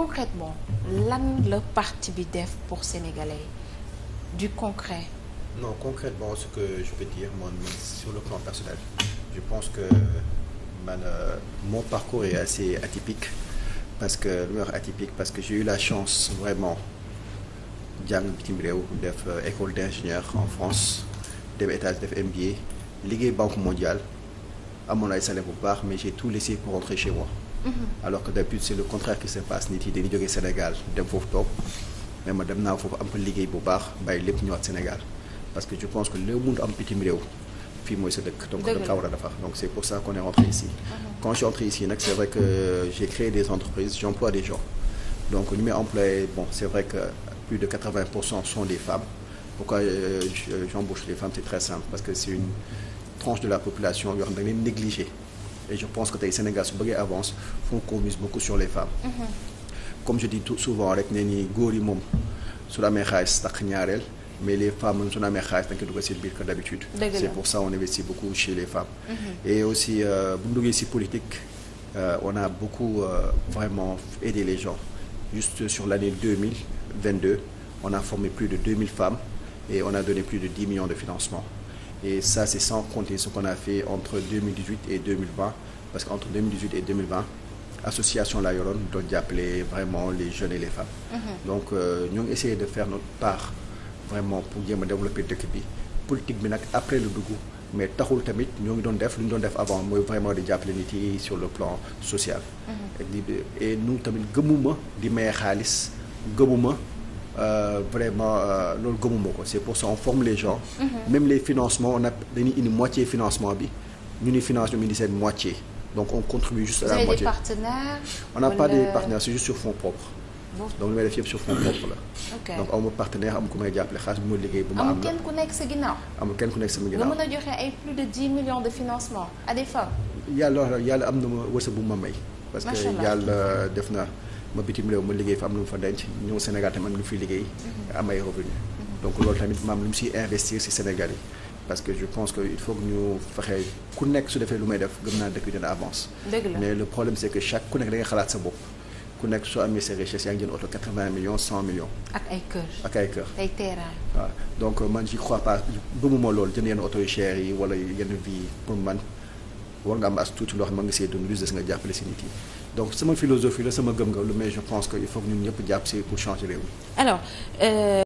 concrètement lan la parti bi def pour sénégalais du concret. non concrètement ce que je peux dire que man euh, mon parcours est atypique parce que lu wax atypique parce que j'ai eu la chance vraiment jàng bitim réew def euh, école d'ingénieur en France dem étage def MBA liggéey Banque mondiale amoon ay salaire bu baax mais j'ai tout laissé pour rentrer chez moi. Mm-hmm. alors que d'habitude c'est le contraire qui se passe nit yi dañuy jógee Sénégal dem foofu toog mais ma dem naa foofu am fa liggéey bu baax bàyyi lépp ñëwaat Sénégal parce que je pense que loo mun am bitim réew fii mooy sa dëkk donc da nga war a defar donc c'est pour ça qu'on est rentré ici mm-hmm. quand je suis ici nag c'est vrai que euh, j'ai créé des entreprises j'emploie des gens donc ñu may employé bon c'est vrai que plus de 80 pour cent sont des femmes pourquoi euh, la population yoo xam da nga et je pense que tey Sénégal su bëggee avance Sonko mise beaucoup sur les femmes. Mhm. comme je dis tout souvent rek ne ni góor yi moom su amee xaalis tax ñaareel. mais les femmes su ñu amee xaalis dañ koy dugal seen biir que d'habitude c'est pour ça on investit beaucoup chez les femmes mhm. et aussi euh, bu politique euh, on a beaucoup euh, vraiment aidé les gens juste sur l'année on a formé plus de 2000 femmes et on a donné plus de 10 millions de financements e ça, c'est sans compter ce qu'on a fait entre 2018 et 2020. Parce que 2018 et 2020, association La Yoroon doon jàppale vraiment les jeunes et les femmes. Mmh. donc euh, ñu ngi essayer de faire notre part vraiment pour jéem a développer dëkk bi politique bi nag après lu dugg mais taxul tamit ñoo ngi doon def lu ñu doon def avant mooy vraiment di jàppale nit yi sur le plan social. Mmh. et nous tamit gëmuma di maye xaalis gëmuma. Euh, vraiment euh, loolu gëmuma ko c'est pour ça on forme les gens. Mm-hmm. même les financements on a dañuy indi moitié financement bi ñu ni finance ñu indi seen moitié donc on contribue juste à la moitié. Vous avez des partenaires? on n'a pas des partenaires c'est juste sur fonds propres. donc li may def sur fonds propres la. ok donc amuma partenaire am ku may jàppale xaalis bu ma liggéey bu ma am. amul ko ku nekk sa ginnaaw. amul kenn ku nekk sama ginnaaw nga a joxe ay yàlla am na ma wërsëg bu ma may. parce que yàlla def na. ma bitim réew ma liggéey fa am lu mu fa denc ñëw Sénégal tamit am lu mu fi liggéey am ay loolu tamit maam lu mu siy investir si Sénégal yi parce que je pense que il faut que ñu fexe ku nekk su defee lu may def gën naa dëkk bi dina avance mais le problème c'est que chaque ku nekk da xalaat sa bopp ku nekk soo amee sa richesse yaa ngi jënd oto 80 millions 100 millions. ak ay kër ak ay kër. ay terrain. waaw donc euh, man je crois pas gëmuma loolu jënd yenn oto yu cher yi wala yenn vie pour man war am as tuuti loo xam nga see dund lu nga jàppale si nit yi. donc sama philosophie la sama gëm-gëm lu mais je pense que il faut que ñun ñëpp jàpp si pour changer réew mi alors euh,